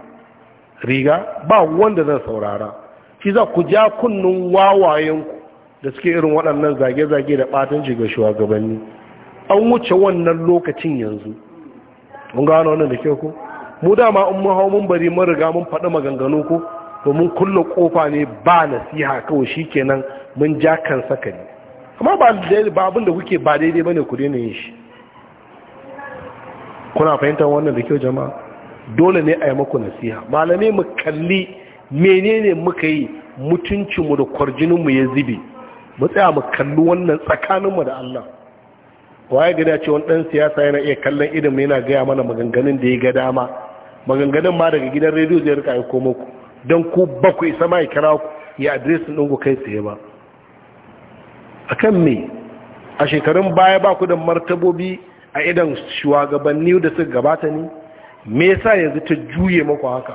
S1: riga ba wanda zan saurara shi za ku ja kunnun wawayenku da suke irin waɗannan zage-zage da ɓatanci ga shugabanni an wuce wannan lokacin yanzu mun gano wannan da kyau ko mu dama in mun hau mun bari mun riga mun faɗi maganganu ko to mun kulle kofa ne ba nasiha kawai shikenan mun ja kan saka ne amma ba ba abin da kuke ba daidai bane ku daina yin shi kuna fahimtar wannan da kyau jama'a dole ne a yi muku nasiha malamai mu kalli menene muka yi mutuncinmu da kwarjininmu ya zube mu tsaya mu kalli wannan tsakaninmu da Allah waye gada ce wani ɗan siyasa yana iya kallon idan mai yana gaya mana maganganun da ya ga dama maganganun ma daga gidan rediyo zai rika aiko muku don ku ba ku isa ma ya kira ku ya adresin ɗin ku kai tsaye ba a kan me a shekarun baya ba ku da martabobi a idan shugabanni da suka gabata ne me yasa yanzu ta juye muku haka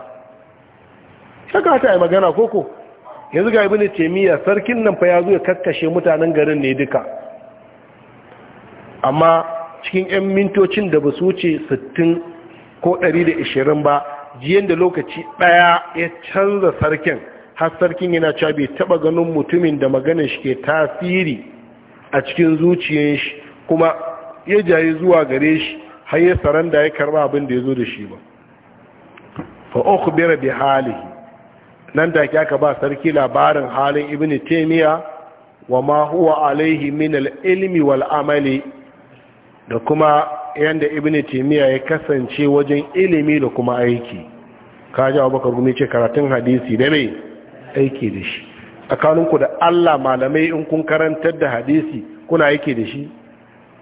S1: ya ta yi magana koko yanzu ga ce taymiya sarkin nan fa ya zo ya kakkashe mutanen garin ne duka amma cikin yan mintocin da ba su wuce 60 ko 120 ba jiyan da lokaci daya ya canza sarkin har sarkin yana cewa bai taba ganin mutumin da maganar shi ke tasiri a cikin zuciyar shi kuma ya jayi zuwa gare shi har ya saranda ya karba abin da ya zo da shi ba fa ukhbira bi halihi nan da aka ba sarki labarin halin ibn taimiyya wa ma huwa alaihi min al-ilmi wal amali da kuma yanda ibn taimiyya ya kasance wajen ilimi da kuma aiki ka ji abubakar gumi ce karatun hadisi da mai aiki da shi tsakaninku da allah malamai in kun karantar da hadisi kuna aiki da shi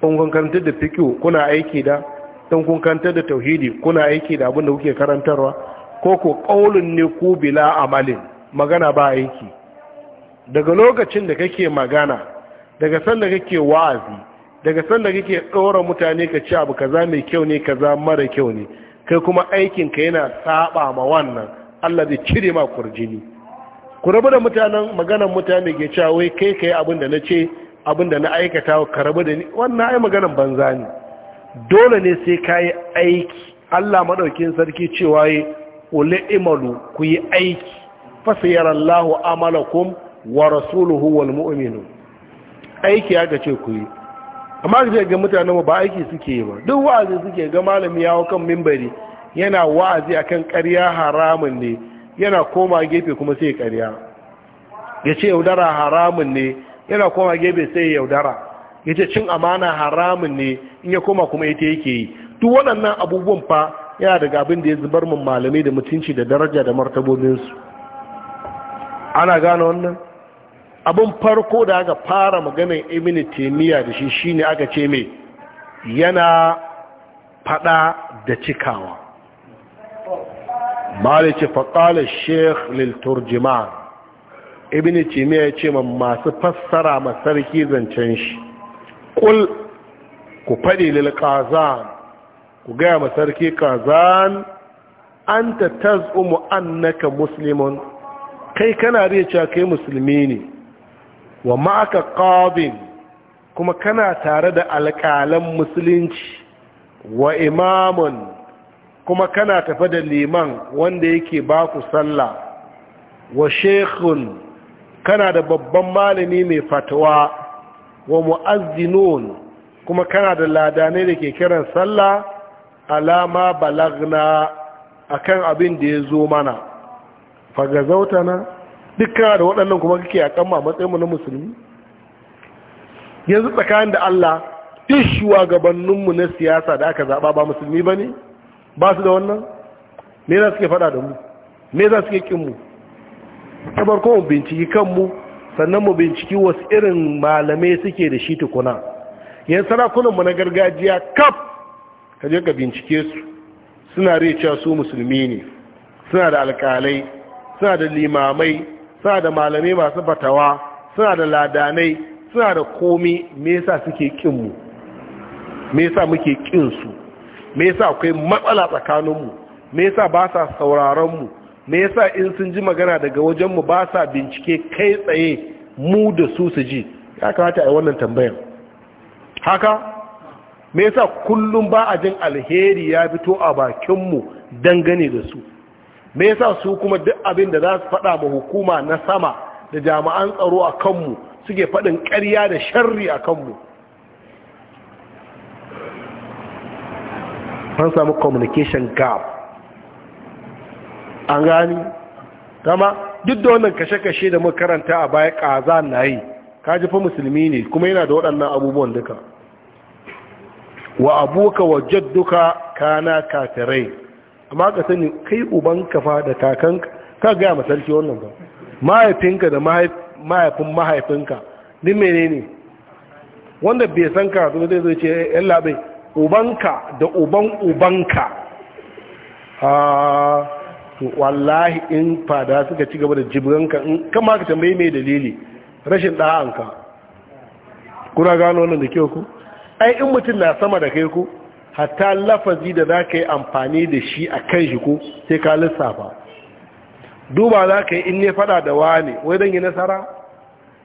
S1: in kun karantar da fikiyo kuna aiki da in kun karantar da tauhidi kuna aiki da abin da kuke karantarwa ko ku ƙaunin ne ku bila amalin magana ba aiki daga lokacin da kake magana daga sanda kake wa'azi daga sanda kake ɗora mutane ka ci abu kaza mai kyau ne kaza mara kyau ne kai kuma aikin ka yana saba ma wannan Allah zai cire ma kurjini ku rabu da mutanen maganan mutane ke cewa wai kai kai abin da na ce abin da na aikata ka rabu da ni wannan ai maganan banza ne dole ne sai ka aiki Allah maɗaukin sarki cewa yi kule imalu ku yi aiki fasiyarar lahu amalakum wa rasuluhu wal mu'minu aiki ya ce ku yi amma ka ga mutane ba aiki suke yi ba duk wa'azi suke ga malami yawo kan mimbari yana wa'azi akan karya haramun ne yana koma gefe kuma sai ƙarya ya ce yaudara haramun ne yana koma gefe sai yaudara ya ce cin amana haramun ne in ya koma kuma ita yake yi duk waɗannan abubuwan fa yana daga abin da ya zubar mun malamai da mutunci da daraja da martabobinsu ana gano wannan abin farko da aka fara maganin imini temiya da shi shine aka ce mai yana fada da cikawa mali ce faƙalar sheikh lilturjiman ibini taimiyya ya ce ma masu fassara masarki zancen shi ƙul ku faɗi lilƙazan ku gaya ma sarki kazan an ta tazumu annaka muslimun kai kana riya cewa kai musulmi ne wa ma'aka qadin kuma kana tare da alƙalan musulunci wa imamun kuma kana tafe da liman wanda yake baku sallah wa shekhun kana da babban malami mai fatawa wa mu'azzinun kuma kana da ladanai da ke kiran sallah alama balagna akan abin da ya zo mana fagazauta na dukkan da waɗannan kuma kake a kan matsayinmu na musulmi yanzu tsakanin da Allah duk gabaninmu na siyasa da aka zaba ba musulmi ba ne ba su da wannan me za su ke faɗa da mu me za ke kin mu ta ko mu binciki kanmu sannan mu binciki wasu irin malamai suke da shi tukuna yan mu na gargajiya kaf ka je ka bincike su suna rai su musulmi ne suna da alkalai suna da limamai suna da malamai masu fatawa suna da ladanai suna da komi me yasa suke kin mu me yasa muke kin su me yasa akwai matsala tsakanin mu me yasa ba sa sauraron mu me yasa in sun ji magana daga wajen mu ba sa bincike kai tsaye mu da su su ji ya kamata a yi wannan tambayar haka me yasa kullum ba a jin alheri ya fito a bakinmu dangane da su me yasa su kuma duk abin da za su faɗa ma hukuma na sama da jami'an tsaro a kanmu suke faɗin ƙarya da sharri a kanmu an samu communication gap an gani kama duk da wannan kashe-kashe da makaranta a baya ƙaza na yi kaji fa musulmi ne kuma yana da waɗannan abubuwan duka wa abuka wa jadduka kana kafirai amma ka sani kai ubanka fa da kakanka ka gaya ma sarki wannan ba mahaifinka da mahaifin mahaifinka din menene wanda bai san ka zuwa zai zai ce eh, yan labai ubanka da uban ubanka a ah, wallahi in fada suka ci gaba da jibiranka in kama ka tambaye mai dalili rashin ɗa'anka kuna gano wannan da kyau ku ai in mutum na sama da kai ko hatta lafazi da za ka yi amfani da shi a kan shi ko sai ka lissafa duba za ka yi in ne fada da wane wai zan yi nasara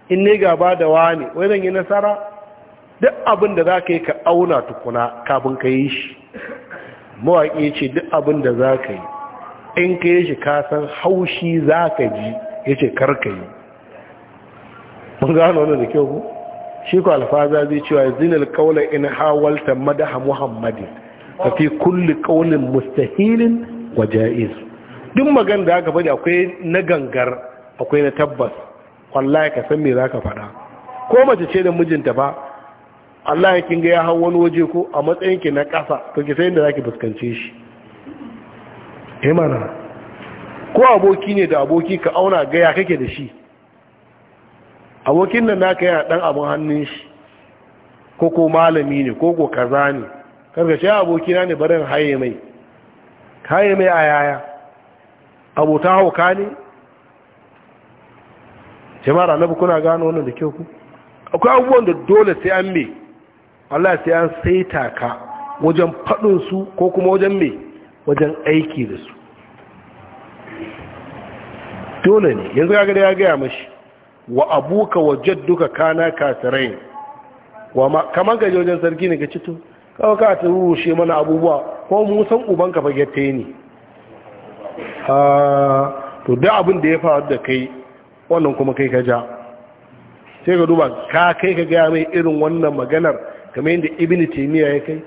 S1: in ne gaba da wane wai zan yi nasara duk abin da za ka yi ka auna tukuna kafin ka yi shi mawaƙi ce duk abin da za ka yi in ka yi shi kasan haushi za ka ji ya ce karka yi mun gano wani da kyau ko. shi ko alfaza zai cewa zinal kaula in hawalta madaha muhammadin fa fi kulli qawlin mustahilin wa jaiz duk magan da aka faɗi akwai na gangar akwai na tabbas wallahi ka san me zaka faɗa ko mace ce da mijinta ba, Allah ya kinga ya hau wani waje ko a matsayin ki na ƙasa to ki san yadda zaki fuskance shi eh ko aboki ne da aboki ka auna gaya kake da shi abokin nan yi a dan abin hannun shi ko ko malami ne ko ko kaza ne karka shi abokina ne barin haye mai kaye mai a yaya abota hauka ne jama'ar annabi kuna gano wannan da kyau ku akwai abubuwan da dole sai an mai, Allah sai an saita ka wajen faɗinsu ko kuma wajen mai wajen aiki da su dole ne yanzu ya gada ya gaya mashi wa abuka wa jadduka kana katirai Kama kamar gaje wajen sarki ne ka cito kawai ka ta rushe mana abubuwa ko mu san ta yi ne to duk abin da ya faru da kai wannan kuma kai ka ja sai ka duba ka kai ka gaya mai irin wannan maganar kamar yadda ibn taymiya ya kai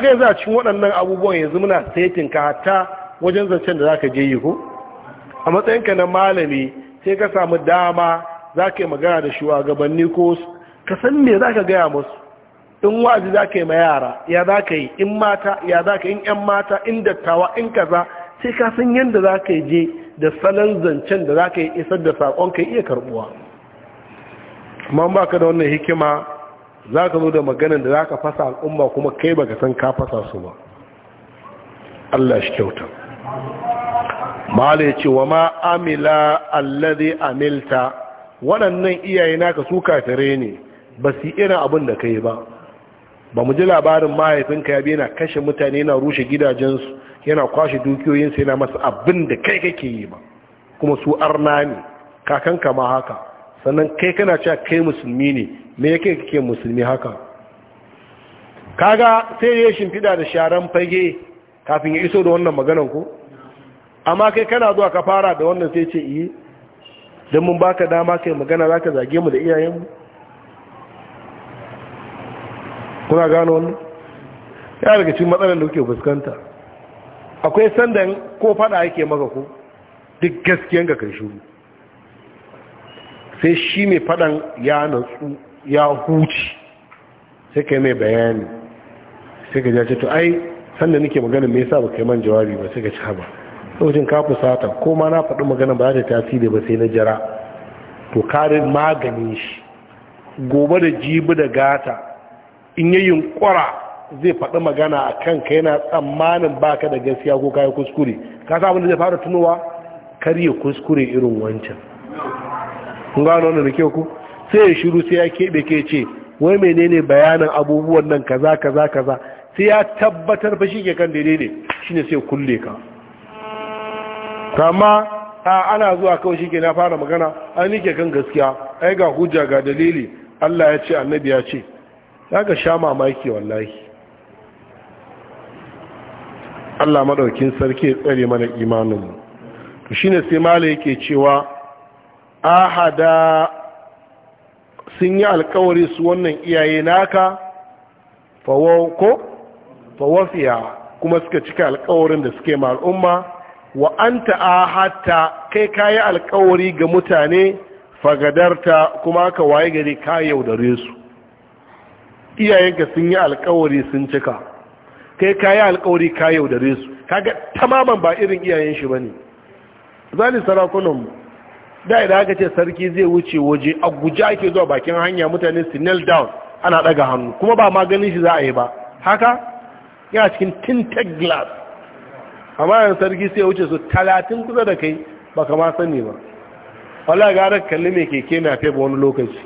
S1: gaya za a cikin waɗannan abubuwan yanzu muna setin ka hata wajen zancen da za ka je yi ko a matsayinka na malami sai ka samu dama za ka yi magana da shugabanni ko ka san me za ka gaya musu in wazi za ka yi ma yara ya za ka yi in mata ya za ka yi 'yan mata in dattawa in kaza sai ka san yadda za ka yi je da salon zancen da za ka yi isar da saƙon ka iya karɓuwa amma ba ka da wannan hikima za ka zo da maganin da za ka fasa al'umma kuma kai ba ka san ka fasa su ba Allah shi kyauta ma'ala ya ce wa ma amila alladhi amilta waɗannan iyaye naka su kafire ne ba su irin abin da yi ba ba mu ji labarin mahaifinka ya yana kashe mutane yana rushe gidajensu yana kwashe dukiyoyinsu yana masa abin da kai kake yi ba kuma su arna ne kakan ma haka sannan kai kana cewa kai musulmi ne me yake kake musulmi haka kaga sai ya shimfida da sharan fage kafin ya iso da wannan maganan ko amma kai kana zuwa ka fara da wannan sai ce yi don mun baka dama kai magana za ka zage mu da iyayenmu kuna gano wannan ya daga cikin matsalar da kuke fuskanta akwai sandan ko fada yake maka ko duk gaskiyan ga kai shuru sai shi mai fadan ya natsu ya huci sai kai mai bayani sai ka jace to ai sanda nake magana me yasa ba kai man jawabi ba sai ka ci haba lokacin ka fusata ko ma na faɗi magana ba za ta tasiri ba sai na jira to karin maganin shi gobe da jibi da gata in yi yunkura zai faɗi magana a kan ka yana tsammanin ba ka da gaskiya ko kayan kuskure ka samun da zai fara tunowa karye kuskure irin wancan kun gano wannan da ke ku sai ya shiru sai ya keɓe ke ce wai menene bayanin abubuwan nan kaza kaza kaza sai ya tabbatar fa shi ke kan daidai ne shine sai kulle ka kama a ana zuwa kawai shi ke na fara magana an nike kan gaskiya ai ga hujja ga dalili Allah ya ce annabi ya ce ya ga sha mamaki wallahi Allah maɗaukin sarki tsare mana imaninmu to shi ne sai mala yake cewa ahada sun yi alkawari su wannan iyaye naka fawo ko fawafiya kuma suka cika alkawarin da suke ma al'umma wa a hatta kai ka yi alkawari ga mutane fagadarta kuma ka waye gari ka yaudare su iyayenka sun yi alkawari sun cika kai ka yi alkawari ka yaudare su kaga tamaman ba irin iyayen shi bane zali sarakunanmu da idan aka ce sarki zai wuce waje a guje ake zuwa bakin hanya mutane su nail down ana daga hannu kuma ba maganin shi za a yi ba haka yana cikin tinted glass amma yan sarki sai wuce su talatin kusa da kai ba kama sani ba wala gara kalli mai keke na fe ba wani lokaci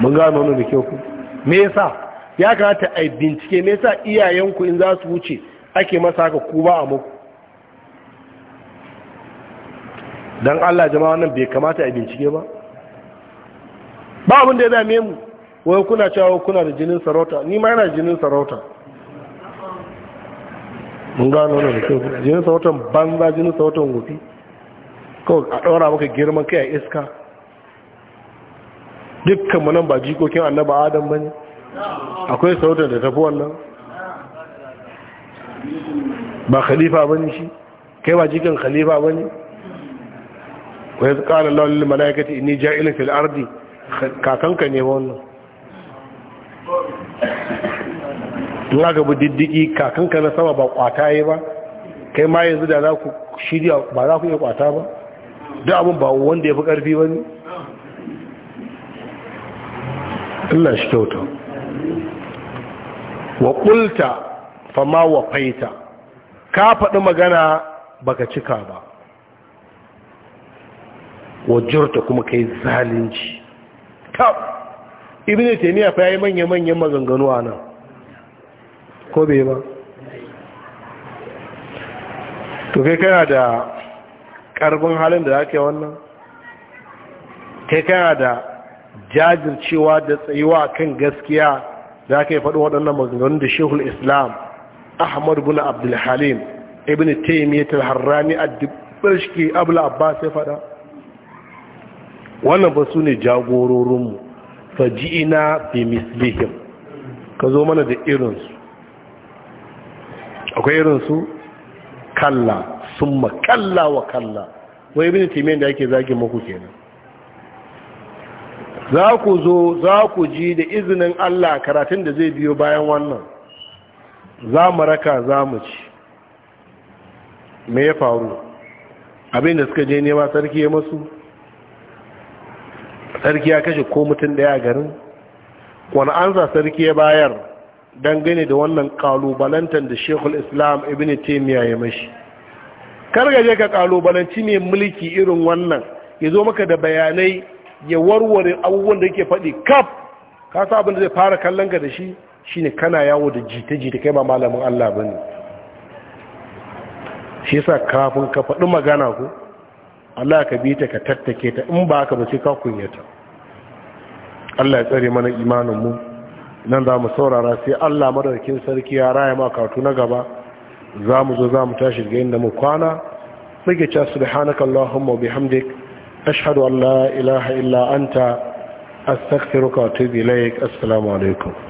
S1: mun gano wani da kyau ku me yasa ya kamata a bincike me yasa iyayenku in za su wuce ake masa haka ku ba a muku don allah jama'a wannan bai kamata a bincike ba ba abin da ya dame mu wai kuna cewa kuna da jinin sarauta ni ma yana jinin sarauta mun gano wannan da kyau jinin sautan banza jini sautan wuti kawai a ɗaura maka girman kai a iska dukkan mu nan ba jikokin annaba adam ba ne akwai sautan da tafi wannan ba khalifa ba ne shi kai ba jikin khalifa ba ne wa su ƙalar lalil mala'ikati inni ja'ilin fil ardi kakanka ne wannan in gaba diddiki kakanka na sama ba kwata yi ba kai ma yanzu da za ku shirya ba za ku iya kwata ba da abin ba wanda ya fi ƙarfi ba ne Allah shi kyauta wa ƙulta fama wa faita ka faɗi magana baka cika ba wa jirta kuma kai zalunci ta ibi ne taimiyya ya yi manya-manyan maganganu a nan ko bai ba to kai kana da karbin halin da ake wannan kai kana da jajircewa da tsayuwa kan gaskiya da aka yi faɗi waɗannan maganganun da shehul islam ahmad bin abdulhalim ibn taimiyyatar harrani a dubbar shi abul abbas ya faɗa wannan ba su ne jagororinmu faji'ina bi mislihim ka zo mana da irinsu akwai irin su kalla sun kalla wa kalla wai bin taymiyyah da yake zagin maku kenan za ku zo za ku ji da izinin Allah karatun da zai biyo bayan wannan za mu raka za mu ci me ya faru abinda suka je nema sarki ya masu sarki ya kashe ko mutum daya garin wani ansa sarki ya bayar dangane da wannan kalubalantar da shekul islam ibn taimiyya ya mashi je ka kalubalanci mai mulki irin wannan ya zo maka da bayanai ya warware abubuwan da yake faɗi kaf ka sa abin da zai fara kallon ga da shi shine kana yawo da jita-jita kai ba malamin allah ba ne shi sa kafin ka faɗi magana ku allah ka bi ta ka tattake ta in ba ka ba sai ka kunyata allah ya tsare mana imanin mu. nan za mu saurara sai allah madarkin sarki ya raya ma katu na gaba za mu zo za mu tashi ga inda mu kwana suke ca subhanaka allahumma wa bihamdik ashhadu an la ilaha illa anta astaghfiruka wa atubu ilaik assalamu alaikum